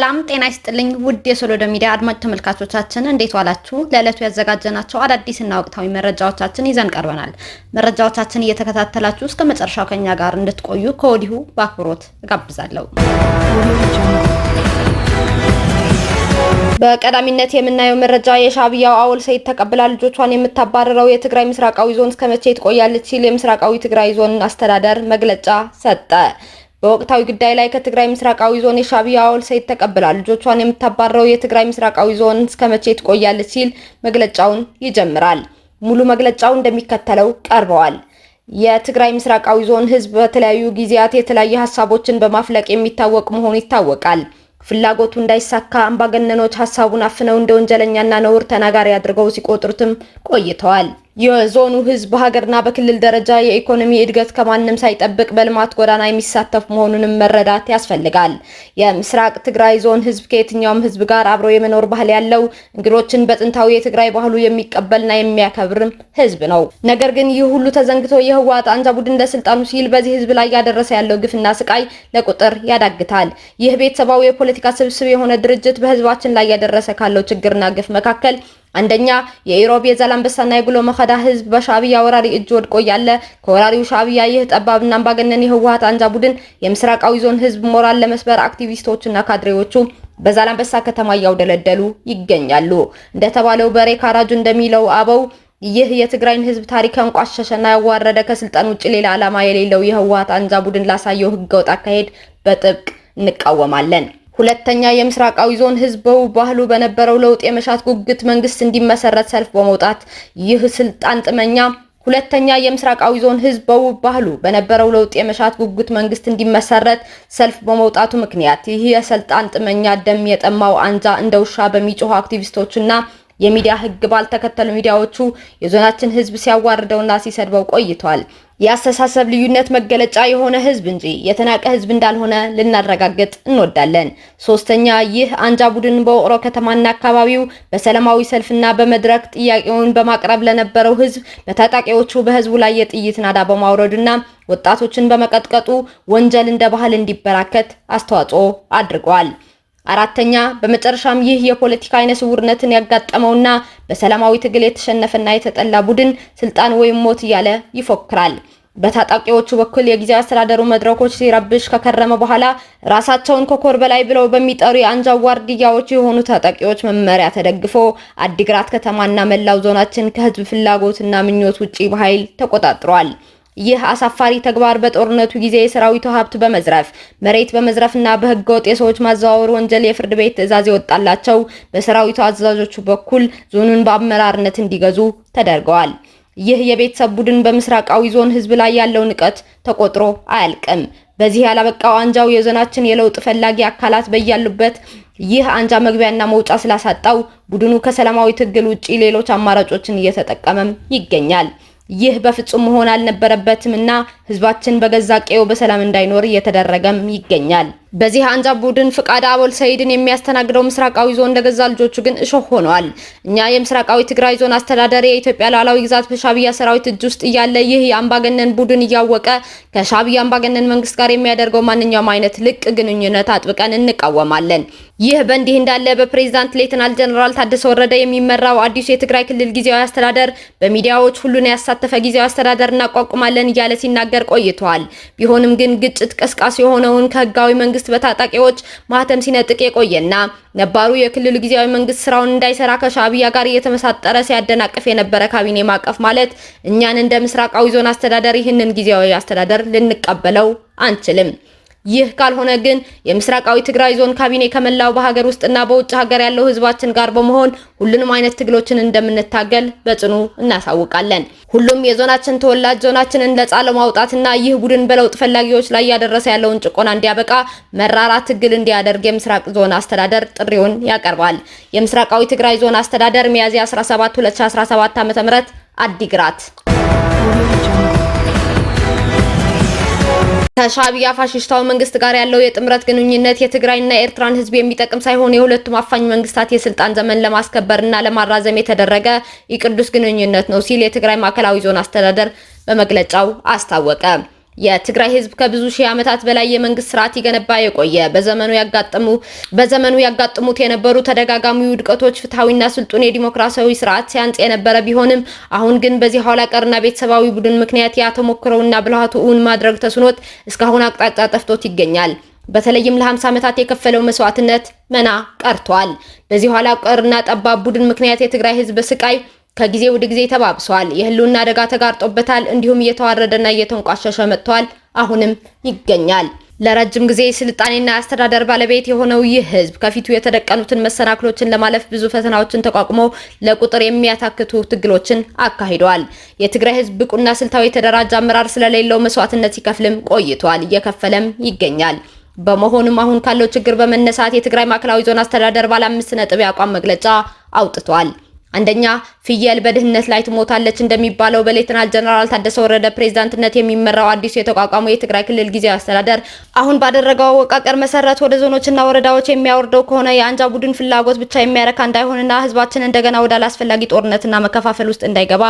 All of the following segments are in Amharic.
ሰላም ጤና ይስጥልኝ ውድ የሶሎዶ ሚዲያ አድማጭ ተመልካቾቻችን እንዴት ዋላችሁ? ለዕለቱ ያዘጋጀናቸው አዳዲስና ወቅታዊ መረጃዎቻችን ይዘን ቀርበናል። መረጃዎቻችን እየተከታተላችሁ እስከ መጨረሻው ከኛ ጋር እንድትቆዩ ከወዲሁ በአክብሮት እጋብዛለሁ። በቀዳሚነት የምናየው መረጃ የሻዕቢያው አወል ሰይድ ተቀብላ ልጆቿን የምታባረረው የትግራይ ምስራቃዊ ዞን እስከመቼ ትቆያለች ሲል የምስራቃዊ ትግራይ ዞን አስተዳደር መግለጫ ሰጠ። በወቅታዊ ጉዳይ ላይ ከትግራይ ምስራቃዊ ዞን የሻቢያ አወል ሰይድ ተቀብላ ልጆቿን የምታባረው የትግራይ ምስራቃዊ ዞን እስከ መቼ ትቆያለች ሲል መግለጫውን ይጀምራል። ሙሉ መግለጫው እንደሚከተለው ቀርበዋል። የትግራይ ምስራቃዊ ዞን ህዝብ በተለያዩ ጊዜያት የተለያዩ ሀሳቦችን በማፍለቅ የሚታወቅ መሆኑ ይታወቃል። ፍላጎቱ እንዳይሳካ አምባገነኖች ሀሳቡን አፍነው እንደ ወንጀለኛና ነውር ተናጋሪ አድርገው ሲቆጥሩትም ቆይተዋል። የዞኑ ህዝብ በሀገርና በክልል ደረጃ የኢኮኖሚ እድገት ከማንም ሳይጠብቅ በልማት ጎዳና የሚሳተፍ መሆኑንም መረዳት ያስፈልጋል። የምስራቅ ትግራይ ዞን ህዝብ ከየትኛውም ህዝብ ጋር አብሮ የመኖር ባህል ያለው፣ እንግዶችን በጥንታዊ የትግራይ ባህሉ የሚቀበልና የሚያከብርም ህዝብ ነው። ነገር ግን ይህ ሁሉ ተዘንግቶ የህወሓት አንጃ ቡድን ለስልጣኑ ሲል በዚህ ህዝብ ላይ ያደረሰ ያለው ግፍና ስቃይ ለቁጥር ያዳግታል። ይህ ቤተሰባዊ የፖለቲካ ስብስብ የሆነ ድርጅት በህዝባችን ላይ ያደረሰ ካለው ችግርና ግፍ መካከል አንደኛ የኢሮብ የዛላምበሳና የጉሎ መኸዳ ህዝብ በሻቢያ ወራሪ እጅ ወድቆ ያለ ከወራሪው ሻቢያ ይህ ጠባብና አምባገነን የህወሓት አንጃ ቡድን የምስራቃዊ ዞን ህዝብ ሞራል ለመስበር አክቲቪስቶችና ካድሬዎቹ በዛላምበሳ ከተማ እያውደለደሉ ይገኛሉ። እንደተባለው በሬ ካራጁ እንደሚለው አበው ይህ የትግራይን ህዝብ ታሪክ አንቋሸሸና ያዋረደ ከስልጣን ውጭ ሌላ ዓላማ የሌለው የህወሓት አንጃ ቡድን ላሳየው ህገወጥ አካሄድ በጥብቅ እንቃወማለን። ሁለተኛ የምስራቃዊ ዞን ህዝብ ባህሉ በነበረው ለውጥ የመሻት ጉጉት መንግስት እንዲመሰረት ሰልፍ በመውጣት ይህ ስልጣን ጥመኛ ሁለተኛ የምስራቃዊ ዞን ህዝብ ባህሉ በነበረው ለውጥ የመሻት ጉጉት መንግስት እንዲመሰረት ሰልፍ በመውጣቱ ምክንያት ይህ የስልጣን ጥመኛ ደም የጠማው አንጃ እንደ ውሻ በሚጮሁ አክቲቪስቶችና የሚዲያ ህግ ባልተከተሉ ሚዲያዎቹ የዞናችን ህዝብ ሲያዋርደውና ሲሰድበው ቆይቷል። የአስተሳሰብ ልዩነት መገለጫ የሆነ ህዝብ እንጂ የተናቀ ህዝብ እንዳልሆነ ልናረጋግጥ እንወዳለን። ሶስተኛ፣ ይህ አንጃ ቡድን በውቅሮ ከተማና አካባቢው በሰላማዊ ሰልፍና በመድረክ ጥያቄውን በማቅረብ ለነበረው ህዝብ በታጣቂዎቹ በህዝቡ ላይ የጥይት ናዳ በማውረዱና ወጣቶችን በመቀጥቀጡ ወንጀል እንደ ባህል እንዲበራከት አስተዋጽኦ አድርገዋል። አራተኛ በመጨረሻም ይህ የፖለቲካ አይነ ስውርነትን ያጋጠመውና በሰላማዊ ትግል የተሸነፈና የተጠላ ቡድን ስልጣን ወይም ሞት እያለ ይፎክራል። በታጣቂዎቹ በኩል የጊዜ አስተዳደሩ መድረኮች ሲረብሽ ከከረመ በኋላ ራሳቸውን ከኮር በላይ ብለው በሚጠሩ የአንጃው ዋርድያዎች የሆኑ ታጣቂዎች መመሪያ ተደግፎ አዲግራት ከተማና መላው ዞናችን ከህዝብ ፍላጎትና ምኞት ውጪ በኃይል ተቆጣጥሯል። ይህ አሳፋሪ ተግባር በጦርነቱ ጊዜ የሰራዊቱ ሀብት በመዝረፍ መሬት በመዝረፍና በህገወጥ የሰዎች ማዘዋወር ወንጀል የፍርድ ቤት ትዕዛዝ የወጣላቸው በሰራዊቱ አዛዦቹ በኩል ዞኑን በአመራርነት እንዲገዙ ተደርገዋል። ይህ የቤተሰብ ቡድን በምስራቃዊ ዞን ህዝብ ላይ ያለው ንቀት ተቆጥሮ አያልቅም። በዚህ ያላበቃው አንጃው የዞናችን የለውጥ ፈላጊ አካላት በያሉበት ይህ አንጃ መግቢያና መውጫ ስላሳጣው ቡድኑ ከሰላማዊ ትግል ውጪ ሌሎች አማራጮችን እየተጠቀመም ይገኛል። ይህ በፍጹም መሆን አልነበረበትም እና ህዝባችን በገዛ ቀዬው በሰላም እንዳይኖር እየተደረገም ይገኛል። በዚህ አንጃ ቡድን ፍቃድ አቦል ሰይድን የሚያስተናግደው ምስራቃዊ ዞን ለገዛ ልጆቹ ግን እሾህ ሆነዋል። እኛ የምስራቃዊ ትግራይ ዞን አስተዳደር የኢትዮጵያ ሉዓላዊ ግዛት በሻብያ ሰራዊት እጅ ውስጥ እያለ ይህ የአምባገነን ቡድን እያወቀ ከሻብያ አምባገነን መንግስት ጋር የሚያደርገው ማንኛውም አይነት ልቅ ግንኙነት አጥብቀን እንቃወማለን። ይህ በእንዲህ እንዳለ በፕሬዚዳንት ሌትናል ጀነራል ታደሰ ወረደ የሚመራው አዲሱ የትግራይ ክልል ጊዜያዊ አስተዳደር በሚዲያዎች ሁሉን ያሳተፈ ጊዜያዊ አስተዳደር እናቋቁማለን እያለ ሲናገር ሲነገር ቆይቷል። ቢሆንም ግን ግጭት ቀስቃሽ የሆነውን ከህጋዊ መንግስት በታጣቂዎች ማህተም ሲነጥቅ የቆየና ነባሩ የክልሉ ጊዜያዊ መንግስት ስራውን እንዳይሰራ ከሻቢያ ጋር እየተመሳጠረ ሲያደናቅፍ የነበረ ካቢኔ ማቀፍ ማለት እኛን እንደ ምስራቃዊ ዞን አስተዳደር ይህንን ጊዜያዊ አስተዳደር ልንቀበለው አንችልም። ይህ ካልሆነ ግን የምስራቃዊ ትግራይ ዞን ካቢኔ ከመላው በሀገር ውስጥና በውጭ ሀገር ያለው ህዝባችን ጋር በመሆን ሁሉንም አይነት ትግሎችን እንደምንታገል በጽኑ እናሳውቃለን። ሁሉም የዞናችን ተወላጅ ዞናችንን ነፃ ለማውጣትና ይህ ቡድን በለውጥ ፈላጊዎች ላይ እያደረሰ ያለውን ጭቆና እንዲያበቃ መራራ ትግል እንዲያደርግ የምስራቅ ዞን አስተዳደር ጥሪውን ያቀርባል። የምስራቃዊ ትግራይ ዞን አስተዳደር ሚያዝያ 17 2017 ዓ.ም አዲግራት ከሻቢያ ፋሽስታዊ መንግስት ጋር ያለው የጥምረት ግንኙነት የትግራይና የኤርትራን ህዝብ የሚጠቅም ሳይሆን የሁለቱም አፋኝ መንግስታት የስልጣን ዘመን ለማስከበርና ለማራዘም የተደረገ የቅዱስ ግንኙነት ነው ሲል የትግራይ ማዕከላዊ ዞን አስተዳደር በመግለጫው አስታወቀ። የትግራይ ህዝብ ከብዙ ሺህ ዓመታት በላይ የመንግስት ስርዓት ይገነባ የቆየ በዘመኑ ያጋጠሙ በዘመኑ ያጋጠሙት የነበሩ ተደጋጋሚ ውድቀቶች ፍትሐዊና ስልጡን የዲሞክራሲያዊ ስርዓት ሲያንጽ የነበረ ቢሆንም አሁን ግን በዚህ ኋላ ቀርና ቤተሰባዊ ቡድን ምክንያት ያተሞክረውና ብልሃቱ እውን ማድረግ ተስኖት እስካሁን አቅጣጫ ጠፍቶት ይገኛል። በተለይም ለ50 ዓመታት የከፈለው መስዋዕትነት መና ቀርቷል። በዚህ ኋላ ቀርና ጠባብ ቡድን ምክንያት የትግራይ ህዝብ ስቃይ ከጊዜ ወደ ጊዜ ተባብሷል። የህልውና አደጋ ተጋርጦበታል። እንዲሁም እየተዋረደና እየተንቋሸሸ መጥቷል። አሁንም ይገኛል። ለረጅም ጊዜ ስልጣኔና አስተዳደር ባለቤት የሆነው ይህ ህዝብ ከፊቱ የተደቀኑትን መሰናክሎችን ለማለፍ ብዙ ፈተናዎችን ተቋቁሞ ለቁጥር የሚያታክቱ ትግሎችን አካሂዷል። የትግራይ ህዝብ ብቁና ስልታዊ የተደራጀ አመራር ስለሌለው መስዋዕትነት ሲከፍልም ቆይቷል፣ እየከፈለም ይገኛል። በመሆኑም አሁን ካለው ችግር በመነሳት የትግራይ ማዕከላዊ ዞን አስተዳደር ባለ አምስት ነጥብ የአቋም መግለጫ አውጥቷል። አንደኛ ፍየል በድህነት ላይ ትሞታለች እንደሚባለው በሌተናል ጀነራል ታደሰ ወረደ ፕሬዝዳንትነት የሚመራው አዲሱ የተቋቋመው የትግራይ ክልል ጊዜያዊ አስተዳደር አሁን ባደረገው አወቃቀር መሰረት ወደ ዞኖችና ወረዳዎች የሚያወርደው ከሆነ የአንጃ ቡድን ፍላጎት ብቻ የሚያረካ እንዳይሆንና ህዝባችን እንደገና ወደ አላስፈላጊ ጦርነትና መከፋፈል ውስጥ እንዳይገባ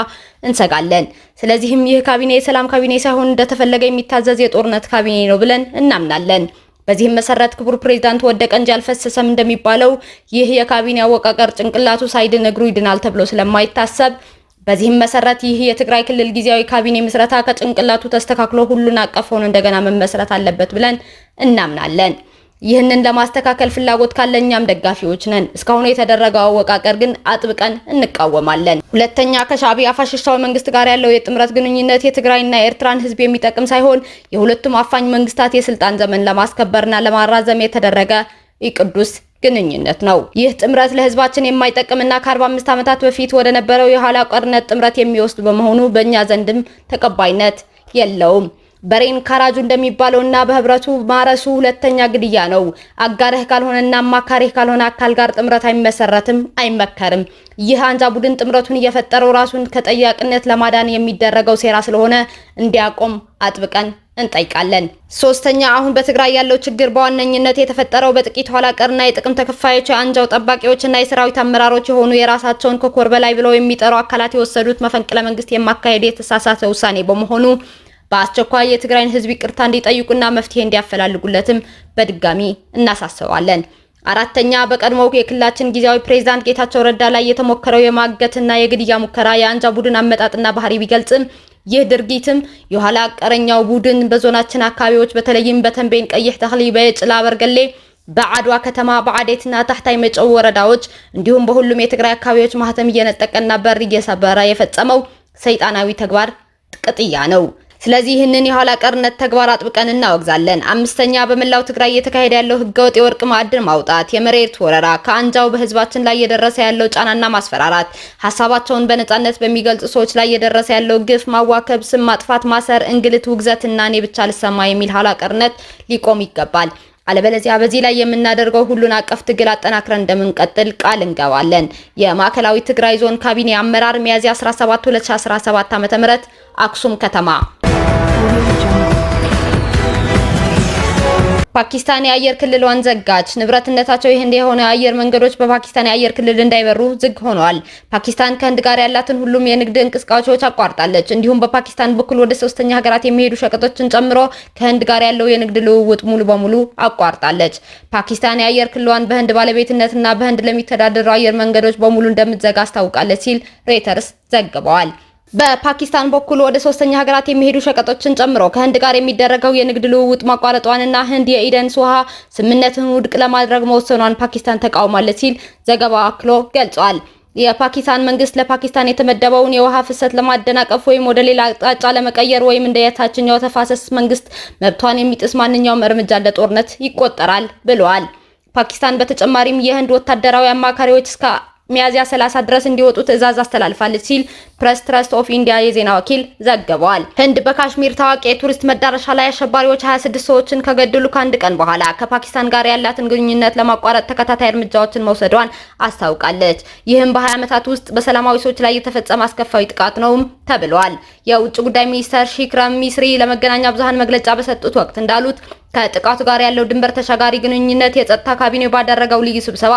እንሰጋለን። ስለዚህም ይህ ካቢኔ የሰላም ካቢኔ ሳይሆን እንደተፈለገ የሚታዘዝ የጦርነት ካቢኔ ነው ብለን እናምናለን። በዚህም መሰረት ክቡር ፕሬዚዳንት ወደቀ እንጂ አልፈሰሰም እንደሚባለው ይህ የካቢኔ አወቃቀር ጭንቅላቱ ሳይድን እግሩ ይድናል ተብሎ ስለማይታሰብ በዚህም መሰረት ይህ የትግራይ ክልል ጊዜያዊ ካቢኔ ምስረታ ከጭንቅላቱ ተስተካክሎ ሁሉን አቀፍ ሆኖ እንደገና መመስረት አለበት ብለን እናምናለን። ይህንን ለማስተካከል ፍላጎት ካለ እኛም ደጋፊዎች ነን። እስካሁን የተደረገው አወቃቀር ግን አጥብቀን እንቃወማለን። ሁለተኛ ከሻቢያ ፋሽስታዊ መንግስት ጋር ያለው የጥምረት ግንኙነት የትግራይና የኤርትራን ህዝብ የሚጠቅም ሳይሆን የሁለቱም አፋኝ መንግስታት የስልጣን ዘመን ለማስከበርና ለማራዘም የተደረገ ቅዱስ ግንኙነት ነው። ይህ ጥምረት ለህዝባችን የማይጠቅምና ከ45 ዓመታት በፊት ወደ ነበረው የኋላ ቀርነት ጥምረት የሚወስድ በመሆኑ በእኛ ዘንድም ተቀባይነት የለውም። በሬን ካራጁ እንደሚባለው እና በህብረቱ ማረሱ ሁለተኛ ግድያ ነው። አጋርህ ካልሆነና አማካሪህ ካልሆነ አካል ጋር ጥምረት አይመሰረትም፣ አይመከርም። ይህ አንጃ ቡድን ጥምረቱን እየፈጠረው ራሱን ከጠያቂነት ለማዳን የሚደረገው ሴራ ስለሆነ እንዲያቆም አጥብቀን እንጠይቃለን። ሶስተኛ አሁን በትግራይ ያለው ችግር በዋነኝነት የተፈጠረው በጥቂት ኋላ ቀርና የጥቅም ተከፋዮች የአንጃው ጠባቂዎችና የሰራዊት አመራሮች የሆኑ የራሳቸውን ከኮር በላይ ብለው የሚጠሩ አካላት የወሰዱት መፈንቅለ መንግስት የማካሄዱ የተሳሳተ ውሳኔ በመሆኑ በአስቸኳይ የትግራይን ህዝብ ይቅርታ እንዲጠይቁና መፍትሄ እንዲያፈላልጉለትም በድጋሚ እናሳስባለን። አራተኛ በቀድሞው የክልላችን ጊዜያዊ ፕሬዝዳንት ጌታቸው ረዳ ላይ የተሞከረው የማገትና የግድያ ሙከራ የአንጃ ቡድን አመጣጥና ባህሪ ቢገልጽም ይህ ድርጊትም የኋላ ቀረኛው ቡድን በዞናችን አካባቢዎች በተለይም በተንቤን ቀይሕ ተክሊ፣ በጭላ በርገሌ፣ በአድዋ ከተማ፣ በአዴትና ታህታይ መጨው ወረዳዎች እንዲሁም በሁሉም የትግራይ አካባቢዎች ማህተም እየነጠቀና በር እየሰበረ የፈጸመው ሰይጣናዊ ተግባር ቅጥያ ነው። ስለዚህ ይህንን የኋላ ቀርነት ተግባር አጥብቀን እናወግዛለን። አምስተኛ በመላው ትግራይ እየተካሄደ ያለው ህገወጥ የወርቅ ማዕድን ማውጣት፣ የመሬት ወረራ፣ ከአንጃው በህዝባችን ላይ እየደረሰ ያለው ጫናና ማስፈራራት፣ ሀሳባቸውን በነጻነት በሚገልጹ ሰዎች ላይ እየደረሰ ያለው ግፍ፣ ማዋከብ፣ ስም ማጥፋት፣ ማሰር፣ እንግልት፣ ውግዘትና እኔ ብቻ ልሰማ የሚል ኋላ ቀርነት ሊቆም ይገባል። አለበለዚያ በዚህ ላይ የምናደርገው ሁሉን አቀፍ ትግል አጠናክረን እንደምንቀጥል ቃል እንገባለን። የማዕከላዊ ትግራይ ዞን ካቢኔ አመራር ሚያዝያ 17 2017 ዓ.ም አክሱም ከተማ ፓኪስታን የአየር ክልሏን ዘጋች። ንብረትነታቸው የህንድ የሆነ የአየር መንገዶች በፓኪስታን የአየር ክልል እንዳይበሩ ዝግ ሆኗል። ፓኪስታን ከህንድ ጋር ያላትን ሁሉም የንግድ እንቅስቃሴዎች አቋርጣለች። እንዲሁም በፓኪስታን በኩል ወደ ሶስተኛ ሀገራት የሚሄዱ ሸቀጦችን ጨምሮ ከህንድ ጋር ያለው የንግድ ልውውጥ ሙሉ በሙሉ አቋርጣለች። ፓኪስታን የአየር ክልሏን በህንድ ባለቤትነትና በህንድ ለሚተዳደሩ አየር መንገዶች በሙሉ እንደምትዘጋ አስታውቃለች ሲል ሬተርስ ዘግበዋል። በፓኪስታን በኩል ወደ ሶስተኛ ሀገራት የሚሄዱ ሸቀጦችን ጨምሮ ከህንድ ጋር የሚደረገው የንግድ ልውውጥ ማቋረጧንና ህንድ የኢደንስ ውሃ ስምምነትን ውድቅ ለማድረግ መወሰኗን ፓኪስታን ተቃውማለች ሲል ዘገባው አክሎ ገልጿል። የፓኪስታን መንግስት ለፓኪስታን የተመደበውን የውሃ ፍሰት ለማደናቀፍ ወይም ወደ ሌላ አቅጣጫ ለመቀየር ወይም እንደ የታችኛው ተፋሰስ መንግስት መብቷን የሚጥስ ማንኛውም እርምጃ እንደ ጦርነት ይቆጠራል ብለዋል። ፓኪስታን በተጨማሪም የህንድ ወታደራዊ አማካሪዎች እስከ ሚያዝያ 30 ድረስ እንዲወጡ ትዕዛዝ አስተላልፋለች ሲል ፕሬስ ትረስት ኦፍ ኢንዲያ የዜና ወኪል ዘግቧል። ህንድ በካሽሚር ታዋቂ የቱሪስት መዳረሻ ላይ አሸባሪዎች 26 ሰዎችን ከገደሉ ከአንድ ቀን በኋላ ከፓኪስታን ጋር ያላትን ግንኙነት ለማቋረጥ ተከታታይ እርምጃዎችን መውሰዷን አስታውቃለች። ይህም በ20 ዓመታት ውስጥ በሰላማዊ ሰዎች ላይ የተፈጸመ አስከፋዊ ጥቃት ነውም ተብሏል። የውጭ ጉዳይ ሚኒስተር ሺክራም ሚስሪ ለመገናኛ ብዙሃን መግለጫ በሰጡት ወቅት እንዳሉት ከጥቃቱ ጋር ያለው ድንበር ተሻጋሪ ግንኙነት የጸጥታ ካቢኔው ባደረገው ልዩ ስብሰባ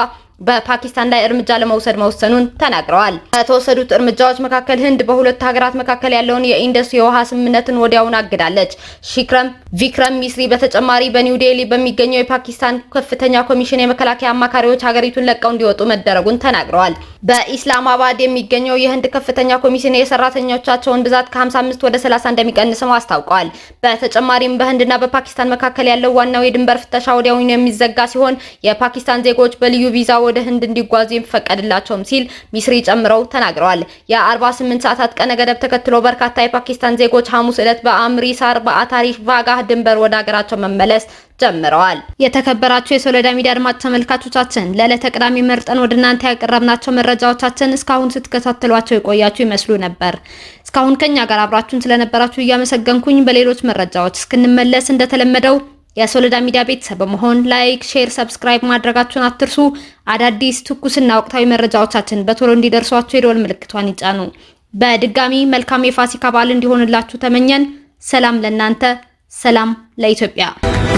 በፓኪስታን ላይ እርምጃ ለመውሰድ መወሰኑን ተናግረዋል። ከተወሰዱት እርምጃዎች መካከል ህንድ በሁለት ሀገራት መካከል ያለውን የኢንደስ የውሃ ስምምነትን ወዲያውን አግዳለች። ሺክረም ቪክረም ሚስሪ በተጨማሪ በኒው ዴሊ በሚገኘው የፓኪስታን ከፍተኛ ኮሚሽን የመከላከያ አማካሪዎች ሀገሪቱን ለቀው እንዲወጡ መደረጉን ተናግረዋል። በኢስላማባድ የሚገኘው የህንድ ከፍተኛ ኮሚሽን የሰራተኞቻቸውን ብዛት ከ55 ወደ 30 እንደሚቀንስም አስታውቋል። በተጨማሪም በህንድና በፓኪስታን መካከል ያለው ዋናው የድንበር ፍተሻ ወዲያውኑ የሚዘጋ ሲሆን የፓኪስታን ዜጎች በልዩ ቪዛ ወደ ህንድ እንዲጓዙ የሚፈቀድላቸውም ሲል ሚስሪ ጨምረው ተናግረዋል። የ48 ሰዓታት ቀነ ገደብ ተከትሎ በርካታ የፓኪስታን ዜጎች ሐሙስ ዕለት በአምሪሳር በአታሪሽ ቫጋህ ድንበር ወደ ሀገራቸው መመለስ ጀምረዋል። የተከበራችሁ የሶለዳ ሚዲያ አድማጭ ተመልካቾቻችን ለዕለተ ቅዳሜ መርጠን ወደ እናንተ ያቀረብናቸው መረጃዎቻችን እስካሁን ስትከታተሏቸው የቆያችሁ ይመስሉ ነበር። እስካሁን ከኛ ጋር አብራችሁን ስለነበራችሁ እያመሰገንኩኝ በሌሎች መረጃዎች እስክንመለስ እንደተለመደው የሶለዳ ሚዲያ ቤተሰብ በመሆን ላይክ፣ ሼር፣ ሰብስክራይብ ማድረጋችሁን አትርሱ። አዳዲስ ትኩስና ወቅታዊ መረጃዎቻችን በቶሎ እንዲደርሷቸው የደወል ምልክቷን ይጫኑ። በድጋሚ መልካም የፋሲካ በዓል እንዲሆንላችሁ ተመኘን። ሰላም ለእናንተ፣ ሰላም ለኢትዮጵያ።